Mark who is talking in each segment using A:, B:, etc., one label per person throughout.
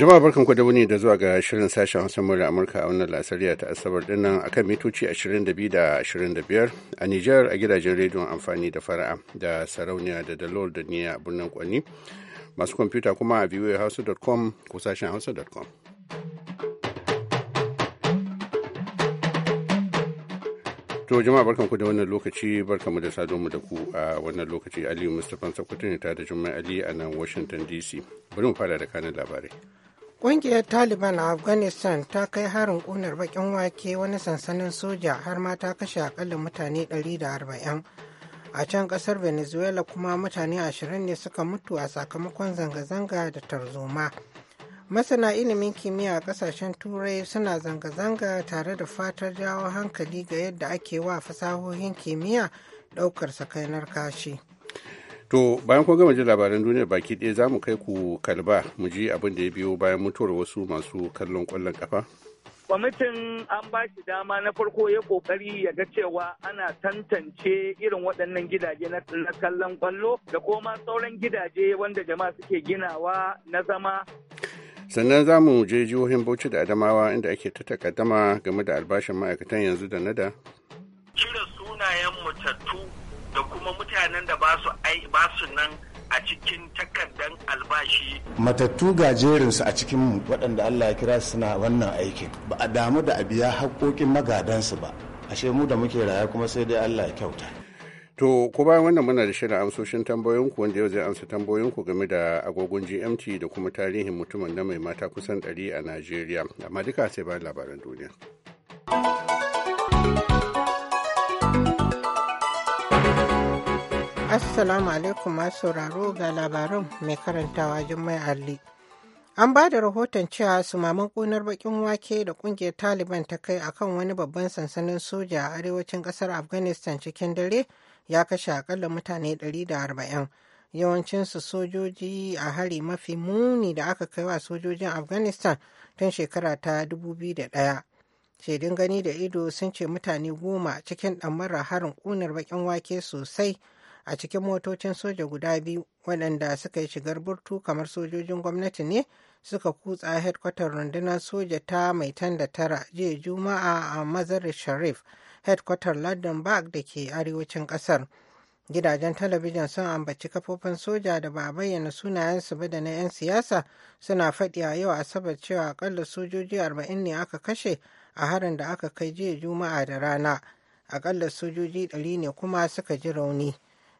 A: Jama'a barkan ku da wuni da zuwa ga shirin sashen Hausa murya Amurka a wannan lasariya ta Asabar dinnan akan mitoci 22 da 25 a Nijar a gidajen rediyon amfani da fara'a da sarauniya da dalol da niya a birnin Kwani. Masu kwamfuta kuma a voahausa.com ko sashen hausa.com. To jama'a barkan ku da wannan lokaci mu da sado mu da ku a wannan lokaci Aliyu Mustapha Sokoto ne ta da Jummai Ali a nan Washington DC. Bari mu fara da kanin labarai.
B: Ƙungiyar Taliban a Afghanistan ta kai harin ƙunar baƙin wake wani sansanin soja har ma ta kashe akalla mutane 140. A can ƙasar Venezuela kuma mutane 20 ne suka mutu a sakamakon zanga-zanga da tarzoma. Masana ilimin kimiyya a ƙasashen Turai suna zanga-zanga tare da fatar jawo hankali ga yadda ake wa fasahohin kimiyya ɗaukar sakainar kashi.
A: To bayan kun gama jin labaran duniya baki ɗaya za mu kai ku kalba mu ji abin da ya biyo bayan mutuwar wasu masu kallon ƙwallon ƙafa.
C: Kwamitin an ba shi dama na farko ya kokari ya ga cewa ana tantance irin waɗannan gidaje na kallon ƙwallo da koma sauran gidaje wanda jama'a suke ginawa na zama
A: sannan za mu je jihohin bauchi da adamawa inda ake ta takaddama game da albashin ma'aikatan yanzu da nada. Cire
D: sunayen mutattu da kuma mutanen da ba su nan a cikin takardar
E: albashi. Matattu gajerinsu a cikin waɗanda Allah ya kira suna wannan aikin ba a damu da a biya haƙoƙin magadansu ba.
A: Ashe mu da muke raya kuma sai dai Allah ya kyauta. To, ko bayan wannan muna da shirin amsoshin tambayoyinku wanda yau zai amsa tambayoyinku game da agogon GMT da kuma tarihin mutumin na mai mata kusan ɗari a Najeriya. Amma duka sai bayan labaran duniya.
B: Assalamu alaikum masu sauraro ga labarin mai karantawa Jummai Alli. An ba da rahoton cewa su maman ƙunar bakin wake da ƙungiyar Taliban ta kai akan wani babban sansanin soja a arewacin ƙasar Afghanistan cikin dare ya kashe akalla mutane 140. Yawancinsu sojoji a hari mafi muni da aka kai wa sojojin Afghanistan tun shekara ta 2001. Shaidun gani da ido sun ce mutane goma cikin ɗamarar harin kunar bakin wake sosai a cikin motocin soja guda biyu waɗanda suka yi shigar burtu kamar sojojin gwamnati ne suka kutsa hedkwatar rundunar soja ta mai tara jiya juma'a a mazar sharif hedkwatar london bag da ke arewacin ƙasar gidajen talabijin sun ambaci kafofin soja da ba bayyana sunayensu ba da na 'yan siyasa suna faɗi a yau asabar cewa akalla sojoji 40 ne aka kashe a harin da aka kai jiya juma'a da rana akalla sojoji 100 ne kuma suka ji rauni.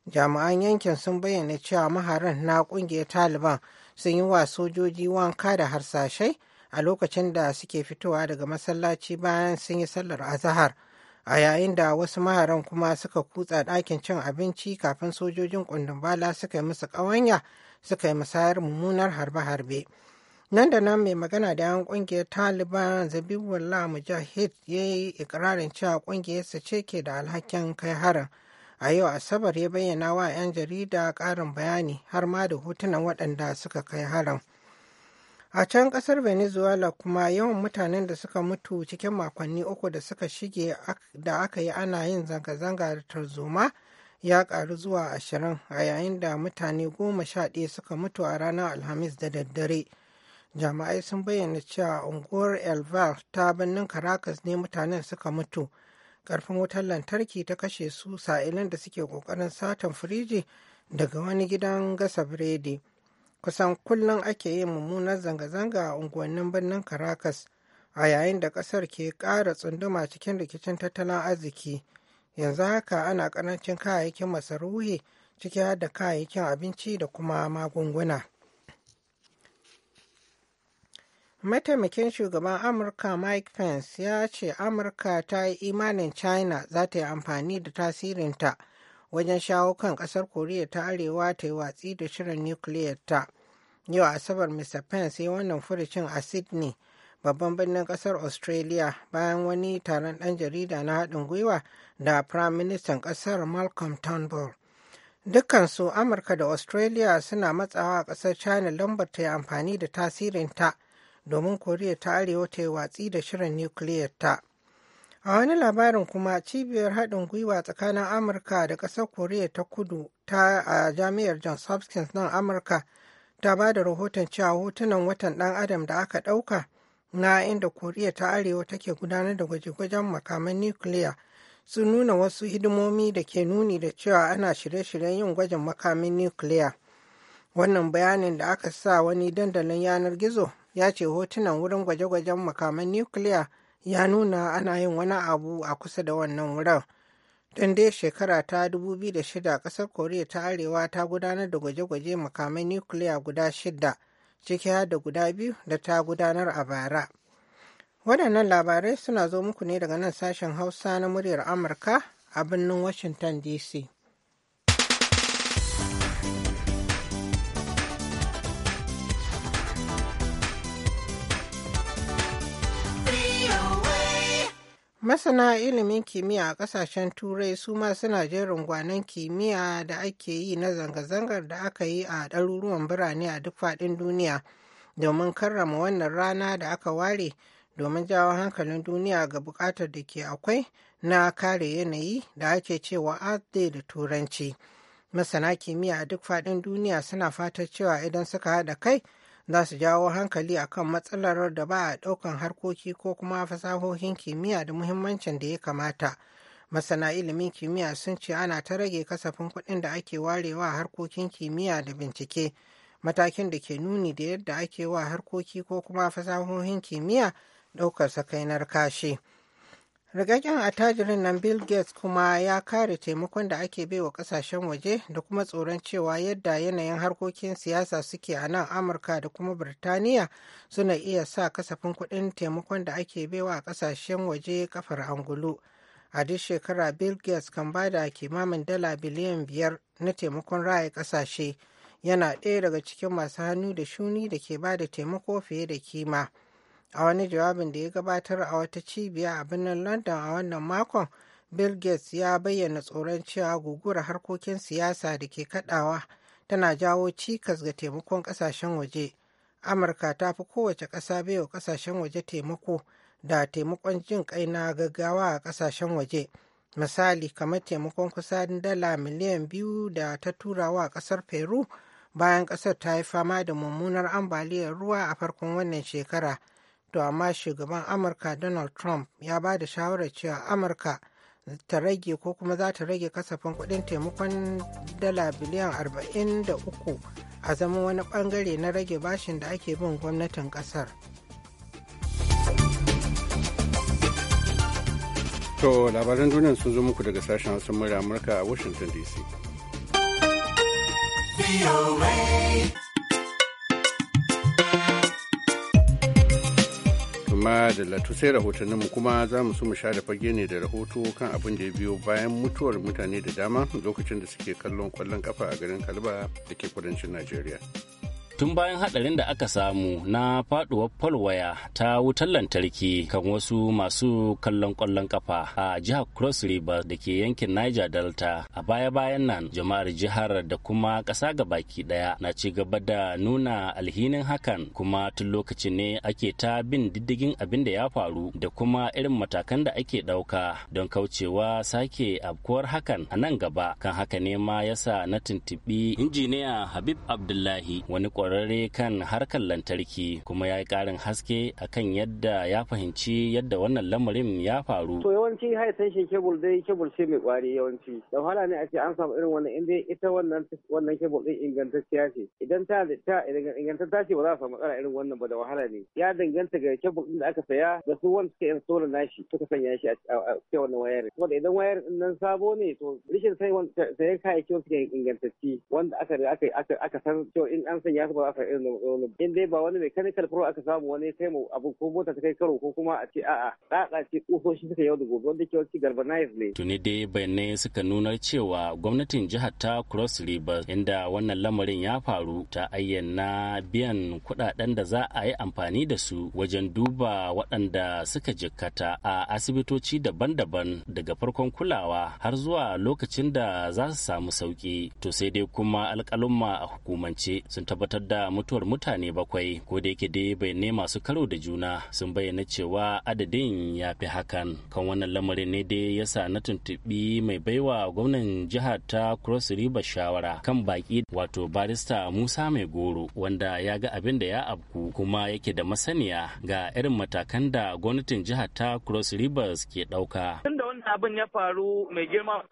B: jami'an yankin sun bayyana cewa maharan na kungiyar taliban sun yi wa sojoji wanka da harsashai a lokacin da suke fitowa daga masallaci bayan sun yi sallar azahar a yayin da wasu maharan kuma suka kutsa ɗakin cin abinci kafin sojojin kundumbala suka yi musu ƙawanya suka yi musayar mummunar harbe-harbe nan da nan mai magana da yan kungiyar taliban zabibullah mujahid ya yi ikirarin cewa kungiyarsa ce ke da alhakin kai harin a yau asabar ya bayyana wa 'yan jarida ƙarin bayani har ma da hotunan waɗanda suka kai harin a can ƙasar venezuela kuma yawan mutanen da suka mutu cikin makonni uku da suka shige da aka yi ana yin zanga-zanga da tarzoma ya ƙaru zuwa ashirin a yayin da mutane goma sha ɗaya suka mutu a ranar alhamis da daddare jama'ai sun bayyana cewa unguwar elval ta birnin caracas ne mutanen suka mutu karfin wutar lantarki ta kashe su sa'ilin da suke kokarin satan firiji daga wani gidan gasa biredi kusan kullum ake yin mummunar zanga-zanga a unguwannin birnin caracas a yayin da kasar ke ƙara tsunduma cikin rikicin tattalin arziki yanzu haka ana ƙarancin kayayyakin masaruhi ciki har da kayayyakin abinci da kuma magunguna. Mataimakin shugaban Amurka Mike Pence ya ce Amurka ta yi imanin China za ta yi amfani da tasirinta wajen shawo kan ƙasar Koriya ta Arewa ta yi watsi da shirin nukiliyar ta. Yau Asabar Mr. Pence ya wannan furucin a Sydney, babban birnin ƙasar Australia bayan wani taron ɗan jarida na haɗin gwiwa da Prime Minister ƙasar Malcolm Turnbull. Dukkansu Amurka da Australia suna matsawa a ƙasar China lambar ta yi amfani da tasirinta. ta domin koriya ta arewa ta yi watsi da shirin nukiliyar ta a wani labarin kuma cibiyar haɗin gwiwa tsakanin amurka da ƙasar koriya ta kudu ta a jami'ar john hopkins nan amurka ta ba da rahoton cewa hotunan watan ɗan adam da aka ɗauka na inda koriya ta arewa take gudanar da gwaje-gwajen makaman nukiliya sun nuna wasu hidimomi da ke nuni da cewa ana shirye-shiryen yin gwajin makamin nukiliya wannan bayanin da aka sa wani dandalin yanar gizo ya ce hotunan wurin gwaje-gwajen makaman nukiliya ya nuna ana yin wani abu a kusa da wannan wurin. Tun dai shekara ta 2006 kasar Koriya ta Arewa ta gudanar da gwaje-gwaje makaman nukiliya guda shida ciki har da guda biyu da ta gudanar a bara. Waɗannan labarai suna zo muku ne daga nan sashen Hausa na muryar Amurka a birnin Washington DC. Masana ilimin kimiyya a ƙasashen Turai su ma suna jerin gwanon kimiyya da ake yi na zanga-zangar da aka yi a ɗaruruwan birane a duk faɗin duniya domin karrama wannan rana da aka ware domin jawo hankalin duniya ga buƙatar da ke akwai na kare yanayi da ake cewa Earth da Turanci. Masana kimiyya a duk faɗin duniya suna fatar cewa idan suka haɗa kai za su jawo hankali a kan matsalar da ba a ɗaukan harkoki ko kuma fasahohin kimiyya da muhimmancin da ya kamata masana ilimin kimiyya sun ce ana ta rage kasafin kuɗin da ake warewa harkokin kimiyya da bincike matakin da ke nuni da yadda ake wa harkoki ko kuma fasahohin kimiyya ɗaukar sakainar kashi. Rikakken attajirin nan Bill Gates kuma ya kare taimakon da ake baiwa kasashen waje da kuma tsoron cewa yadda yanayin harkokin siyasa suke a nan Amurka da kuma Birtaniya suna iya sa kasafin kuɗin taimakon da ake baiwa kasashen waje kafar angulu. A duk shekara Bill Gates kan ba da kimamin dala biliyan biyar na taimakon raya kasashe yana ɗaya daga cikin masu hannu da shuni da ke ba da taimako fiye da kima. a wani jawabin da ya gabatar a wata cibiya a birnin london a wannan makon bill gates ya bayyana tsoron cewa guguwar harkokin siyasa da ke kadawa tana jawo cikas ga taimakon kasashen waje amurka ta fi kowace ƙasa baiwa kasashen waje taimako da taimakon jin kai na gaggawa a kasashen waje misali kamar taimakon kusan dala miliyan biyu da ta turawa a ƙasar peru bayan ƙasar ta yi fama da mummunar ambaliyar ruwa a farkon wannan shekara to amma shugaban amurka donald trump ya ba da shawarar cewa amurka ta rage ko kuma za ta rage kasafin kudin taimakon dala biliyan 43 a zaman wani bangare na rage bashin da ake bin gwamnatin kasar
A: to labaran duniya sun zo muku daga sashen hausa murya amurka a washington dc da latu sai rahotanninmu kuma za mu so mu share fage ne da rahoto kan abin da ya biyo bayan mutuwar mutane da dama lokacin da suke kallon kwallon kafa a garin kalba da ke kudancin najeriya
F: tun bayan hadarin da aka samu na faduwar falwaya ta wutar lantarki kan wasu masu kallon kwallon kafa a jihar cross river da ke yankin niger delta a baya-bayan nan jama'ar jihar da kuma ƙasa baki daya na ci gaba da nuna alhinin hakan kuma tun lokacin ne ake ta bin diddigin abin da ya faru da kuma irin matakan da ake ɗauka don kaucewa sake afkuwar hakan a nan gaba kan haka ne ma yasa na tuntuɓi injiniya habib abdullahi wani kwararre kan harkar lantarki kuma ya yi karin haske akan yadda ya fahimci yadda wannan lamarin ya faru. To
D: yawanci high tension kebul dai kebul ce mai kwari yawanci. Da wahala ne a ce an samu irin wannan inda ita wannan wannan cable din ingantacciya ce. Idan ta ta ingantacciya ce ba za a samu matsala irin wannan ba da wahala ne. Ya danganta ga kebul din da aka saya da su wanda suka install nashi suka sanya shi a cikin wannan wayar. Wanda idan wayar nan sabo ne to rishin sai sayan kayayyakin suke ingantacci wanda aka aka aka san cewa in an sanya su ba aka irin wani in dai ba wani mechanical pro aka samu wani kai mu abu ko mota ta kai karo ko kuma a ce a'a
C: ƙaƙa ce ƙusoshi suka yau da gobe wanda ke wasu galvanize ne.
F: tuni dai bayanai suka nunar cewa gwamnatin jihar ta cross river inda wannan lamarin ya faru ta ayyana biyan kuɗaɗen da za a yi amfani da su wajen duba waɗanda suka jikkata a asibitoci daban-daban daga farkon kulawa har zuwa lokacin da za su samu sauki to sai dai kuma alƙalumma a hukumance sun tabbatar da mutuwar mutane bakwai ko da yake dai bai ne masu karo da juna sun bayyana cewa adadin ya fi hakan kan wannan lamarin ne dai ya sa na tuntuɓi mai baiwa gwamnan jihar ta cross river shawara kan baki wato barista musa mai goro wanda ya ga abin da ya afku kuma yake da masaniya ga irin matakan da gwamnatin jihar ta cross rivers ke ɗauka.
C: abin ya faru mai girma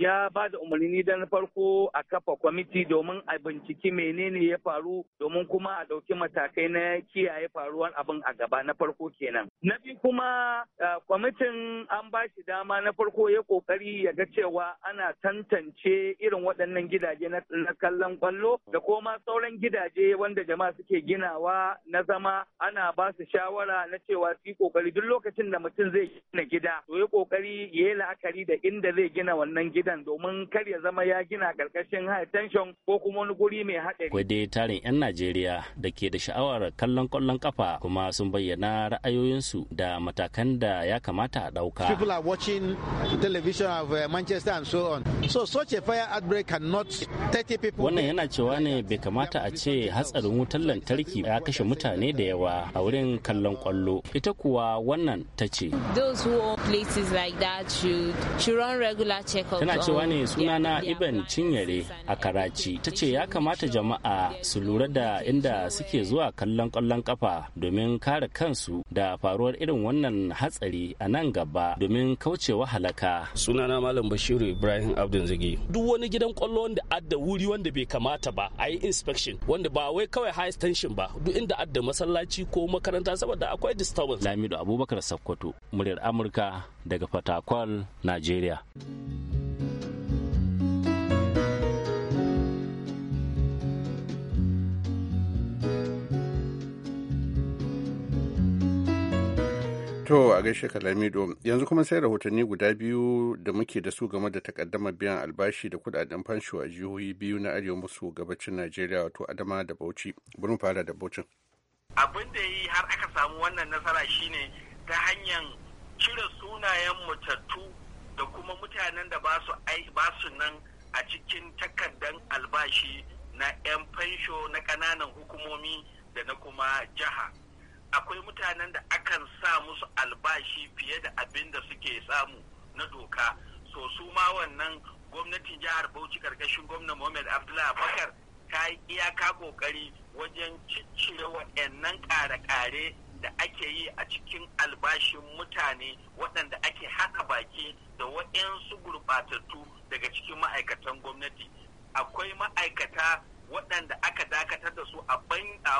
C: ya ba da umarni da na farko a kafa kwamiti domin a binciki menene ya faru domin kuma a ɗauki matakai na kiyaye faruwar abin a gaba na farko kenan. Na biyu kuma kwamitin an ba shi dama na farko ya kokari ya ga cewa ana tantance irin waɗannan gidaje na kallon kwallo da koma sauran gidaje wanda jama'a suke ginawa na zama ana ba su shawara na cewa su kokari duk lokacin da mutum zai gina gida to ya kokari ya yi la'akari da inda zai gina wannan gida likitan domin kar ya zama ya gina karkashin high tension ko kuma wani guri mai haɗari. Kwai
F: tarin 'yan Najeriya da ke da sha'awar kallon kwallon kafa kuma sun bayyana ra'ayoyinsu da matakan da ya kamata a ɗauka. People are watching television of uh, Manchester and so on. So such a fire outbreak cannot 30 people. Wannan yana cewa ne bai kamata a ce hatsarin wutar lantarki ya kashe mutane da yawa a wurin kallon kwallo. Ita kuwa wannan ta ce.
B: Those who own places like that should, should run regular checkups. tana cewa
F: ne sunana Iban Cinyere a Karachi ta ce ya kamata jama'a su lura da inda suke zuwa kallon kwallon kafa domin kare kansu da faruwar irin wannan hatsari a nan gaba domin kaucewa halaka. Sunana Malam Bashiru Ibrahim Abdul Zagi. Duk wani gidan kwallo wanda adda wuri wanda bai kamata ba a yi inspection wanda ba wai kawai high tension ba duk inda adda masallaci ko makaranta saboda akwai disturbance. Lamido Abubakar Sakkwato, muryar Amurka daga Fatakwal, Najeriya.
A: To a gaishe Kalamido yanzu kuma sai rahotanni guda biyu da muke da su game da takaddamar biyan albashi da kudaden fansho a jihohi biyu na arewa maso gabacin Najeriya wato Adama da Bauchi. Bari mu fara da Bauchin.
D: Abin da yi har aka samu wannan nasara shine ta hanyar cire sunayen mutattu da kuma mutanen da ba su nan a cikin takardan albashi na 'yan fansho na ƙananan hukumomi da na kuma jiha. akwai mutanen da akan sa musu albashi fiye da abin da suke samu na doka so su ma wannan gwamnatin jihar bauchi karkashin gwamna mohamed abdullahi bakar ta yi iyaka kokari wajen ciccire waɗannan ƙare-ƙare da ake yi a cikin albashin mutane waɗanda ake haɗa baki da waɗansu gurɓatattu daga cikin ma'aikatan gwamnati akwai ma'aikata waɗanda aka dakatar da su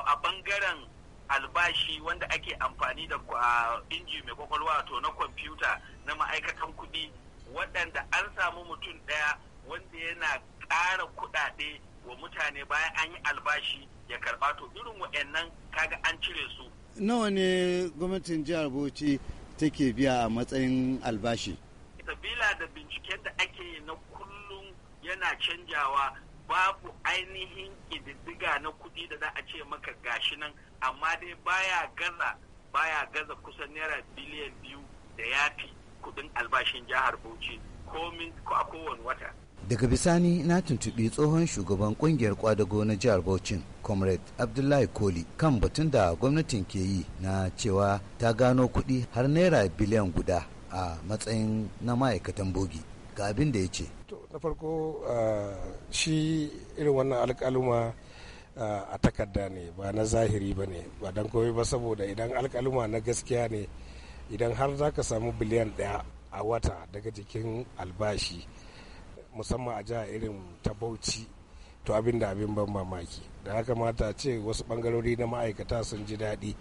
D: a bangaren albashi wanda ake amfani da ah, inji mai kwakwalwa to na kwamfuta na ma'aikatan kuɗi waɗanda an samu mutum ɗaya wanda yana ƙara kuɗaɗe wa mutane bayan an yi albashi ya karɓa to irin waɗannan kaga an cire su.
E: Nawa ne gwamnatin jihar Bauchi take biya a matsayin albashi?
D: Sabila da binciken da ake na kullum yana canjawa babu ainihin ƙididdiga na kuɗi da za a ce maka gashi nan amma dai baya gaza baya gaza kusan naira biliyan biyu da yafi kuɗin albashin jihar bauchi komin a kowane wata
E: daga bisani na tuntuɓi tsohon shugaban ƙungiyar kwadago na jihar bauchi comrade abdullahi koli kan batun da gwamnatin ke yi na cewa ta gano kuɗi har naira biliyan guda a matsayin na ma'aikatan bogi ga abin da ya ce
G: na farko shi irin wannan alkaluma a takarda ne ba na zahiri ba ne ba don komai ba saboda idan alkaluma na gaskiya ne idan har za ka samu biliyan daya a wata daga jikin albashi musamman a jiha irin ta bauchi to abin da abin ban mamaki da haka mata ce wasu bangarori na ma'aikata sun ji daɗi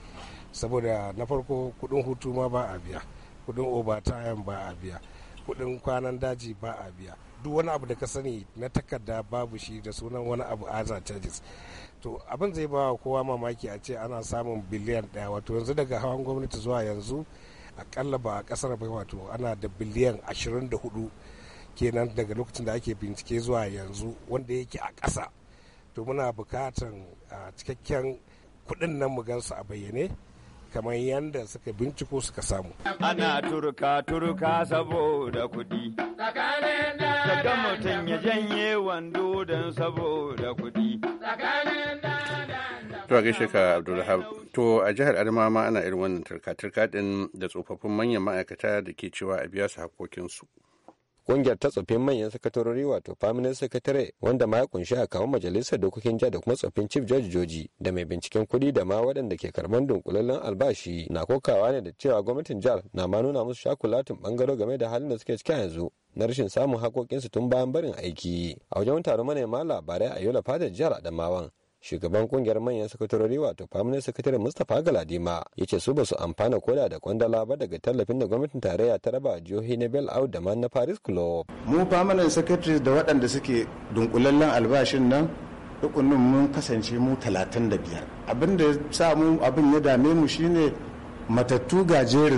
G: saboda na farko kudin hutu ma ba a biya kudin obatayan ba a biya kuɗin kwanan daji ba a biya duk wani abu da ka sani na takarda babu shi da sunan wani abu aza charges to abin zai ba kowa mamaki a ce ana samun biliyan ɗaya wato yanzu daga hawan gwamnati zuwa yanzu akalla ba a kasar bai wato ana da biliyan 24 kenan daga lokacin da ake bincike zuwa yanzu wanda yake a ƙasa to muna bukatan ah, cikakken kuɗin nan mu gansu a bayyane kamar yadda suka binciko suka samu. Ana turka turka
H: saboda kuɗi.
C: Daga mutum ya
D: janye wando don saboda kuɗi.
A: To a gaishe ka Abdulhab. To a jihar Adamawa ana irin wannan turka turka din da tsofaffin manyan ma'aikata da ke cewa a biya su hakokinsu. kungiyar ta tsoffin manyan sakatarori
H: wato permanent sakatare, wanda ma ya kunshi a kawo majalisar dokokin jiya da kuma tsoffin chief judge joji da mai binciken kuɗi da ma waɗanda ke karɓar dunkulallen albashi na kokawa ne da cewa gwamnatin jihar na ma nuna musu shakulatin bangaro game da halin da suke ciki yanzu na rashin samun hakokinsu tun bayan barin aiki a wajen taron manema labarai a yola fadar jihar adamawan shugaban kungiyar manyan sakatarori wato faminin sakatare mustapha galadima ya ce su basu amfana koda da kwandala ba daga tallafin da gwamnatin tarayya ta raba jihohi na bel out da na paris club mu faminin sakatare da waɗanda suke dunkulallen albashin nan rukunin mun kasance mu biyar.
E: abin da sa mu abin ya dame mu shine matattu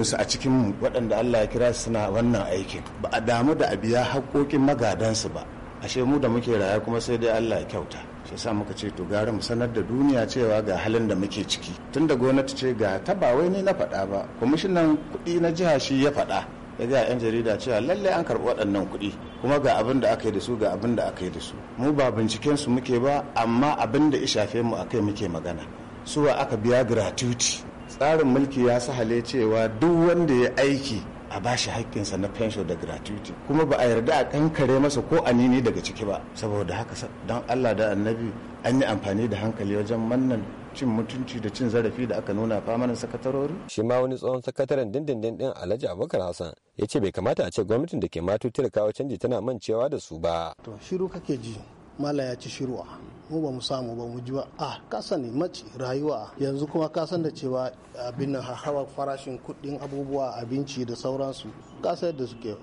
E: su a cikin mu waɗanda allah ya kira suna wannan aikin ba a damu da a biya haƙoƙin magadansu ba ashe mu da muke raya kuma sai dai allah ya kyauta Yasa sa muka ce to gara mu sanar da duniya cewa ga halin da muke ciki Tun da gwamnati ce ga ta ba wai ni na faɗa ba kwamishinan kuɗi na jiha shi ya faɗa ya ga 'yan jarida cewa lallai an karɓi waɗannan kuɗi kuma ga abin da aka yi da su ga abin da aka yi da su mu ba binciken su muke ba amma abin da ya shafe mu kai muke magana suwa aka biya gratuity tsarin mulki ya sahale cewa duk wanda ya aiki a ba bashi haƙƙinsa na pension da gratuity kuma ba a yarda a kankare masa ko a nini daga ciki ba saboda haka don allah da annabi an yi amfani da hankali wajen mannan
H: cin mutunci da cin zarafi da aka nuna famanin sakatarori? Shi ma wani tsohon sakataren dindindin din Alhaji Abubakar Hassan ya ce bai kamata a ce gwamnatin da ke matutar kawo canji tana mancewa da su ba.
E: To shiru kake ji mala ya ci shirwa ah, mu ba mu samu ba mu ji ba a ah, ka sani mace rayuwa yanzu kuma ka san da cewa abin nan hawa farashin kuɗin abubuwa abinci da sauransu ka sai da suke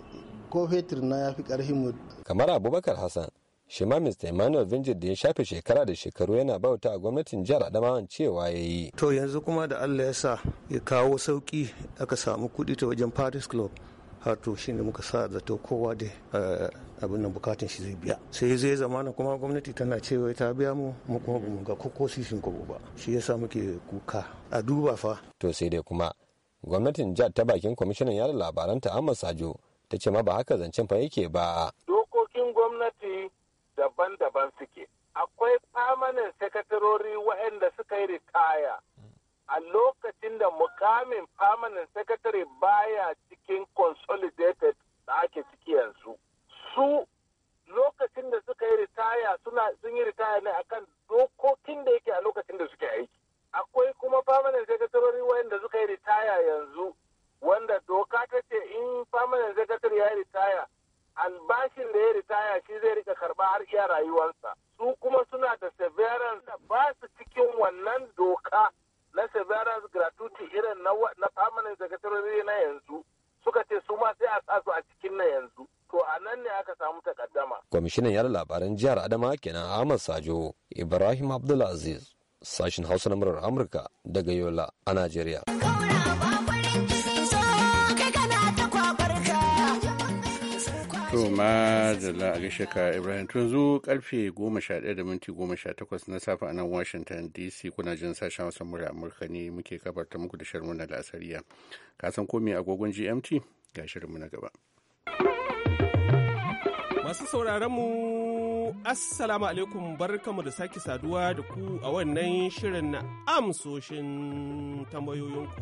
E: ko fetur na ya fi ƙarfin mu
H: kamar abubakar hassan shi ma Mr. Emmanuel Vinjir da ya shafe shekara da shekaru yana bauta a gwamnatin jihar Adamawan cewa ya yi. To yanzu kuma da Allah ya sa ya kawo sauki aka samu kuɗi ta
E: wajen Paris Club. har to shi ne muka sa zato kowa da eh, abin nan bukatun shi zai biya sai zai zama na kuma gwamnati tana cewa ta biya mu mu kuma mu ga ko sisin kobo ba
H: shi yasa muke kuka a duba fa to sai dai kuma gwamnatin jihar ta bakin kwamishinan yada labaran ta amma sajo ta ce ma ba haka zancen fa yake ba
I: dokokin gwamnati daban-daban suke akwai famanin sakatarori waɗanda suka yi ritaya a lokacin da mukamin famanin sakatare baya cikin consolidated da ake ciki yanzu su lokacin da suka yi ritaya suna sun yi ritaya ne akan dokokin da yake a lokacin da suke aiki akwai kuma permanent secretary wanda suka yi ritaya yanzu wanda doka ta ce in permanent secretary ya yi ritaya albashin da ya ritaya shi zai rika karba har iya rayuwarsa su kuma suna da severance da ba
H: kwamishinan yada labaran jihar adama kenan ahmad sajo ibrahim abdulaziz sashin hausa na murar amurka daga yola a najeriya
J: to
A: ma a gaishe ka ibrahim tun zo karfe ɗaya da minti takwas na safe a nan washington dc kuna jin sashen hausa murar amurka ne muke kabarta muku da shirin na la'asariya kasan komai agogon gmt ga shirinmu na gaba
I: Masu sauraron mu Assalamu alaikum barkamu da sake saduwa da ku a wannan shirin na amsoshin tambayoyinku.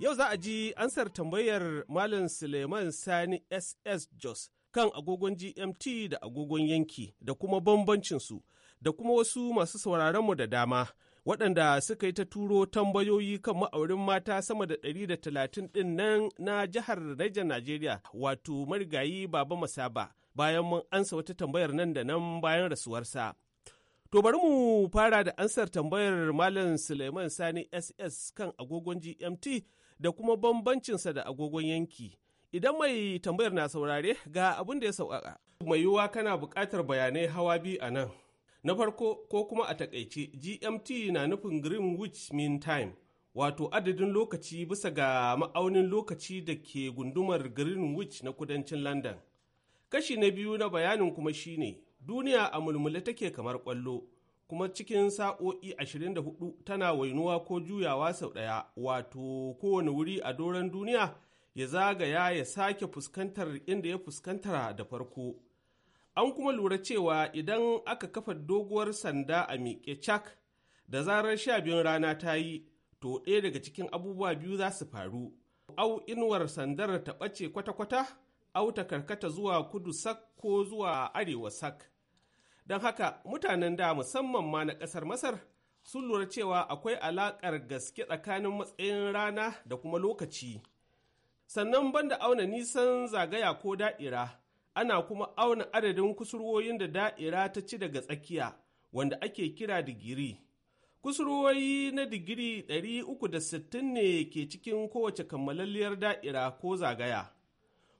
I: Yau za a ji ansar tambayar Malam Suleiman Sani SS Jos kan agogon GMT da agogon yanki da kuma bambancinsu da kuma wasu masu sauraronmu da dama. waɗanda suka yi ta turo tambayoyi kan ma'aurin mata sama da 130 ɗin nan na jihar Niger Najeriya wato marigayi Baba Masaba bayan mun ansa wata tambayar nan da nan bayan rasuwarsa. To bari mu fara da ansar tambayar Malam Suleiman Sani SS kan agogon GMT da kuma bambancinsa da agogon yanki. Idan mai tambayar na saurare ga abin da ya sauƙaƙa. Mai yiwuwa kana buƙatar bayanai hawa biyu a nan. Na farko ko kuma a takaice GMT na nufin Greenwich Mean Time, wato adadin lokaci bisa ga ma'aunin lokaci da ke gundumar Greenwich na kudancin London. Kashi na biyu na bayanin kuma shine duniya a mulmule take kamar kwallo, kuma cikin sa'o'i 24 tana wainuwa ko juyawa sau ɗaya, wato kowane wuri a doron duniya ya zagaya ya sake fuskantar inda ya fuskantara da farko. An kuma lura cewa idan aka kafa doguwar sanda a miƙe cak da zarar sha biyun rana ta yi, to ɗaya daga cikin abubuwa biyu za su faru. Au inuwar sandar ta ɓace kwata-kwata, au ta karkata zuwa kudu sak ko zuwa arewa sak. Don haka mutanen da musamman ma na ƙasar Masar sun lura cewa akwai alaƙar gaske tsakanin matsayin rana da kuma lokaci. Sannan banda auna nisan zagaya ko da'ira. ana kuma auna adadin kusurwoyin da da'ira ta ci daga tsakiya wanda ake kira digiri. Kusurwoyi na digiri 360 ne ke cikin kowace kammalalliyar da'ira ko zagaya.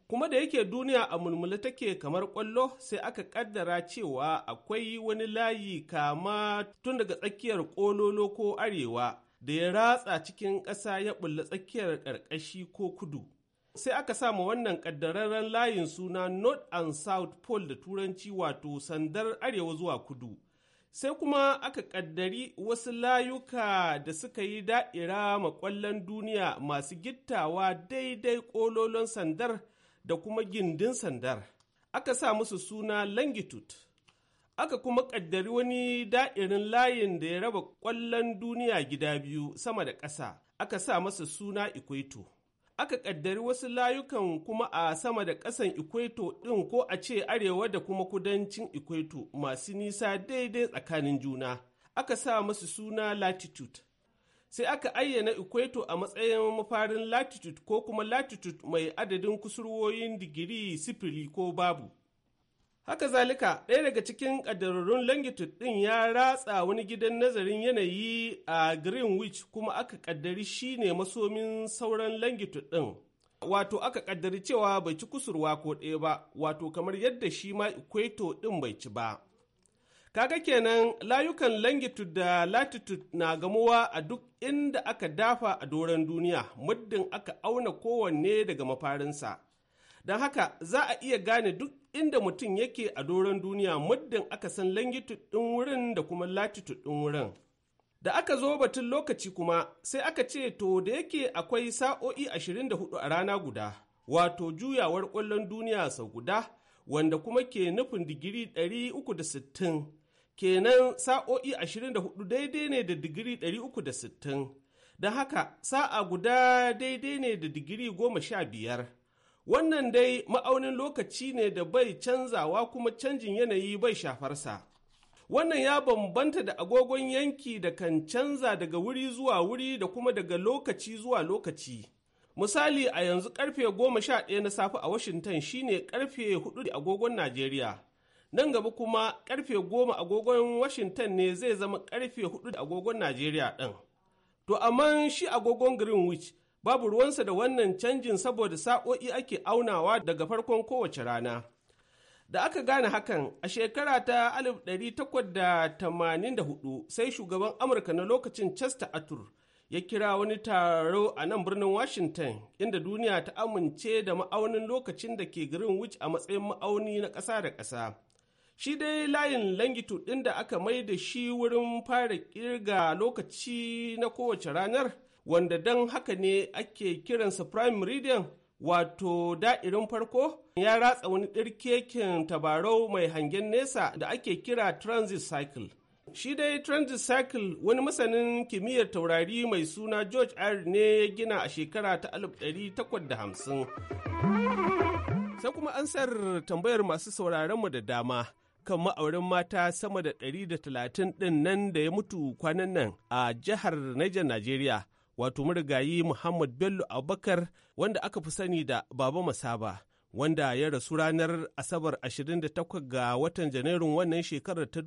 I: Kuma da yake duniya a mulmula take kamar ƙwallo sai aka ƙaddara cewa akwai wani layi kama tun daga tsakiyar ƙololo ko arewa da ya ratsa cikin ƙasa ya bulla tsakiyar ƙarƙashi ko kudu. sai aka samu wannan ƙaddararren layin suna north and south pole da turanci wato sandar arewa zuwa kudu sai kuma aka ƙaddari wasu layuka da suka yi da'ira makwallon duniya masu gittawa daidai ƙololon sandar da kuma gindin sandar aka sa musu suna longitude aka kuma ƙaddari wani da'irin layin da ya raba ƙwallon duniya gida biyu sama da ƙasa aka sa masa suna equator aka ƙaddari wasu layukan kuma a sama da ƙasan ikweto ɗin ko a ce arewa da kuma kudancin ikweto masu nisa daidai tsakanin juna aka sa masu suna latitude sai aka ayyana ikweto a matsayin mafarin latitude ko kuma latitude mai adadin kusurwoyin digiri sifili ko babu Haka zalika ɗaya daga cikin ƙaddararrun longitude ɗin ya ratsa wani gidan nazarin yanayi a Greenwich kuma aka ƙaddari shi ne masomin sauran longitude ɗin. Wato aka ƙaddari cewa bai ci kusurwa ko ɗaya ba, wato kamar yadda shi ma equator ɗin bai ci ba. Kaga kenan layukan longitude da latitude na gamuwa a duk inda aka dafa a doron duniya muddin aka auna kowanne daga mafarinsa. Don haka za a iya gane duk inda mutum yake a doron duniya muddin aka san langitud ɗin wurin da kuma lati tuɗin wurin. Da aka zo batun lokaci kuma sai aka ce to da yake akwai sa'o'i 24 a rana guda, wato juyawar kwallon duniya sau guda, wanda kuma ke nufin digiri 360, kenan sa'o'i 24 daidai ne da digiri 360, da haka sa'a guda daidai ne da digiri goma sha biyar Wannan dai ma'aunin lokaci ne da bai canzawa kuma canjin yanayi bai shafarsa. Wannan ya bambanta da agogon yanki da kan canza daga wuri zuwa wuri da kuma daga lokaci zuwa lokaci. Misali a yanzu karfe goma sha ɗaya na safe a Washington shine karfe hudu agogon Najeriya. Nan gaba kuma karfe goma agogon Washington ne zai zama karfe hudu agogon Najeriya ɗin. To amma shi agogon Greenwich babu ruwansa da wannan canjin saboda sa'o'i ake aunawa daga farkon kowace rana. Da aka gane hakan a shekara ta 1884 sai shugaban Amurka na lokacin Chester Arthur ya kira wani taro a nan birnin Washington inda duniya ta amince da ma'aunin lokacin da ke Greenwich a matsayin ma'auni na ƙasa da ƙasa. Shi dai layin langitu ɗin da aka mai da shi wurin fara ƙirga lokaci na kowace ranar wanda don haka ne ake kiransa prime meridian wato da'irin farko ya ratsa wani ɗirkekin tabarau mai hangen nesa da ake kira transit cycle shi dai transit cycle wani masanin kimiyyar taurari mai suna george r ne ya gina a shekara ta 1850 sai kuma an sar tambayar masu sauraronmu da dama kan ma'aurin mata sama da 130 ɗin nan da ya mutu kwanan nan a jihar Niger Najeriya wato marigayi Muhammad Bello Abubakar wanda aka fi sani da Baba Masaba wanda ya rasu ranar Asabar 28 ga watan Janairun wannan shekarar ta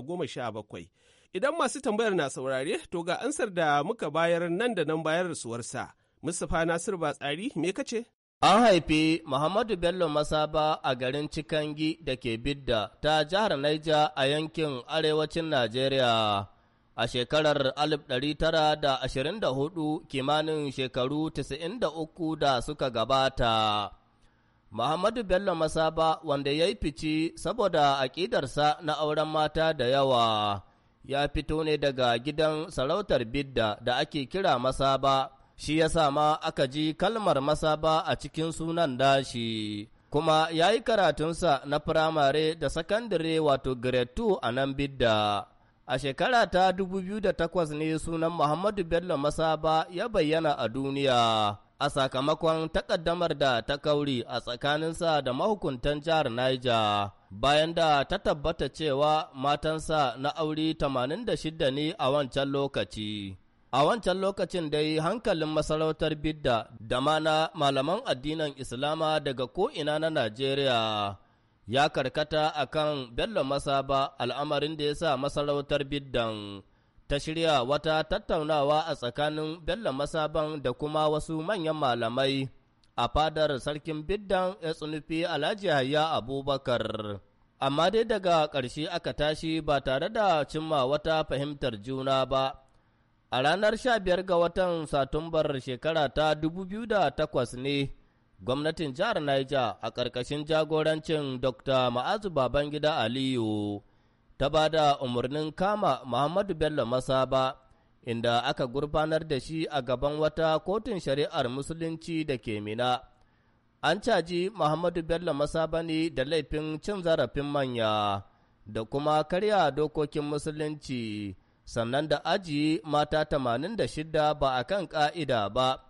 I: goma sha bakwai, Idan masu tambayar na saurare, to ga ansar da muka bayar nan da nan bayar rasuwarsa. Mustapha Nasir
J: Batsari me kace? An haifi Muhammadu Bello Masaba a garin Cikangi da ke Bidda ta jihar Naija a yankin arewacin Najeriya. A shekarar 1924 kimanin shekaru 93 da suka gabata, Muhammadu Bello Masaba wanda ya yi fici saboda aƙidarsa na auren mata da yawa, ya fito ne daga gidan sarautar Bidda da ake kira Masaba, shi ya ma aka ji kalmar Masaba a cikin sunan dashi. Kuma ya yi karatunsa na firamare da sakandare wato grade 2 a nan Bidda. A shekara ta 2008 ne sunan Muhammadu Bello Masaba ya bayyana a duniya a sakamakon takaddamar da ta kauri a tsakaninsa da mahukuntan jihar Niger. Bayan da ta tabbata cewa matansa na aure 86 ne a wancan lokaci. A wancan lokacin dai hankalin masarautar Bidda da ma malaman addinin Islama daga ko'ina na Najeriya ya karkata a kan Bello Masaba al'amarin da ya sa masarautar Biddan ta shirya wata tattaunawa a tsakanin Bello Masaban da kuma wasu manyan malamai a fadar sarkin Biddan ya tsunufi Alhaji Hayya Abubakar. Amma dai daga ƙarshe aka tashi ba tare da cimma wata fahimtar juna ba. A ranar 15 ga watan Satumbar shekara ta 2008 ne. gwamnatin jihar Niger a ƙarƙashin jagorancin Dr. Ma'azu Babangida Aliyu ta ba da umarnin kama Muhammadu Bello Masaba inda aka gurfanar da shi a gaban wata kotun shari'ar musulunci da ke mina. An caji Muhammadu Bello Masaba ne da laifin cin zarafin manya da kuma karya dokokin musulunci sannan da aji mata 86 ba a kan ƙa'ida ba.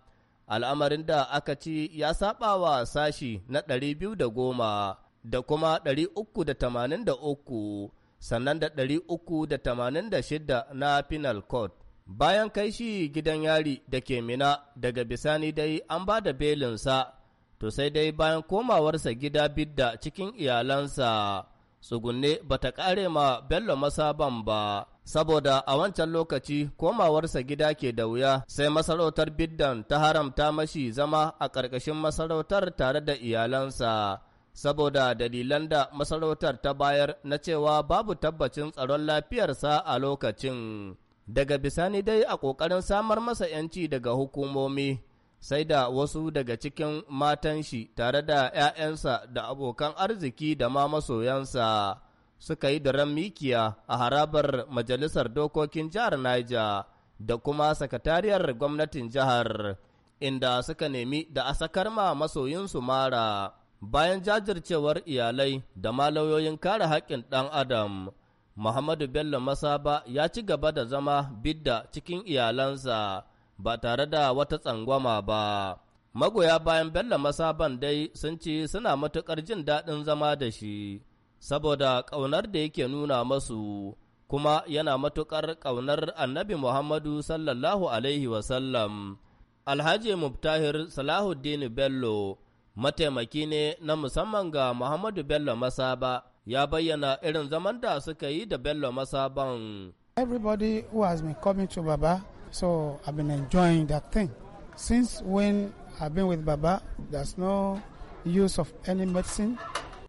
J: al'amarin da aka ci ya saba wa sashi na ɗari 210 da kuma 383 sannan da 386 na penal court bayan kai shi gidan yari da ke mina daga bisani dai an ba da belinsa to sai dai bayan komawarsa gida bidda cikin iyalansa tsugunne bata kare ma bello masaban ba saboda a wancan lokaci komawarsa gida ke da wuya sai masarautar biddan ta haramta mashi zama a ƙarƙashin masarautar tare da iyalansa saboda dalilan da masarautar ta bayar na cewa babu tabbacin tsaron lafiyarsa a lokacin daga bisani dai a ƙoƙarin samar masa 'yanci daga hukumomi sai da wasu daga cikin matan shi tare da 'ya'yansa da abokan arziki da ma masoyansa suka yi daren mikiya a harabar majalisar dokokin jihar Niger da kuma sakatariyar gwamnatin jihar inda suka nemi da a sakar ma masoyinsu mara bayan jajircewar iyalai da malauyoyin kare haƙƙin ɗan adam Muhammadu Bello Masaba ya ci gaba da zama bidda cikin iyalansa ba tare da wata tsangwama ba. Magoya bayan Bello Masaban dai sun ce suna matuƙar jin daɗin zama da shi, saboda ƙaunar da yake nuna masu kuma yana matuƙar ƙaunar annabi Muhammadu sallallahu Alaihi wasallam. Alhaji Mubtahir Salahuddin Bello, mataimaki ne na musamman ga Muhammadu Bello Masaba, ya bayyana irin zaman da suka yi da Bello Masaban. Everybody
E: who has been coming to Baba, so I've been enjoying that thing. Since when I've been with Baba, there's no use of any medicine.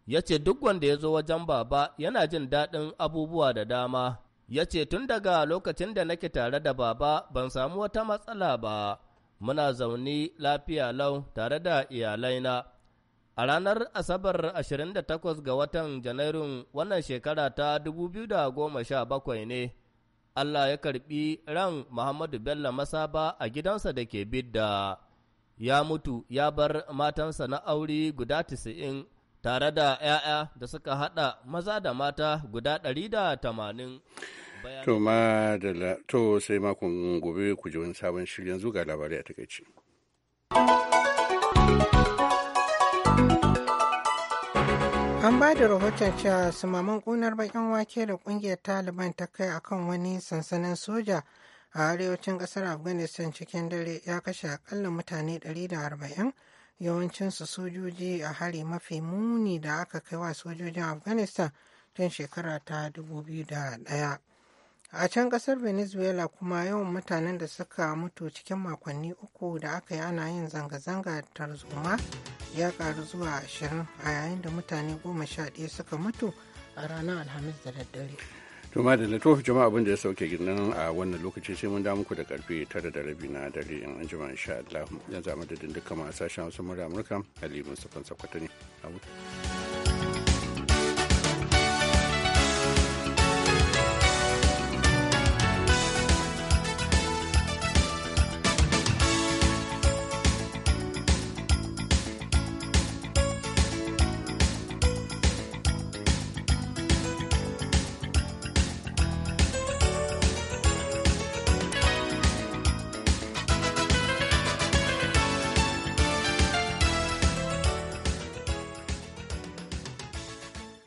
J: ya ce duk wanda ya zo wajen baba yana jin daɗin abubuwa da dama. Ya ce tun daga lokacin da nake tare da baba ban samu wata matsala ba, muna zaune lafiya lau tare da iyalaina. A ranar Asabar 28 ga watan Janairun wannan shekara ta 2017 ne, Allah ya karbi ran Muhammadu Bello Masaba a gidansa da ke bidda. Ya mutu ya bar matansa na aure guda 90. tare da 'ya'ya da suka haɗa maza da mata guda ɗari
A: To ma da to sai makon gobe ku sabon shirin zuga labarai a takaici.
B: An ba da rahoton cewa sumaman kunar baƙin wake da ƙungiyar Taliban ta kai akan wani sansanin soja a arewacin kasar Afghanistan cikin dare ya kashe akalla mutane 140 yawancinsu sojoji a hari mafi muni da aka kai wa sojojin afghanistan tun shekara ta 2001 a can kasar venezuela kuma yawan mutanen da suka mutu cikin makonni uku da aka yi ana yin zanga-zanga tarzoma ya karu zuwa ashirin a yayin da mutane goma sha ɗaya suka mutu a ranar alhamis da daddare
A: to ma da tofi jama'a abin da ya sauke gidan a wannan lokaci sai mun da muku da karfe tara da rabi na dare in an jima insha Allah yanzu a madadin duka masu sashen wasu murya Amurka Ali sakon Sakwata ne a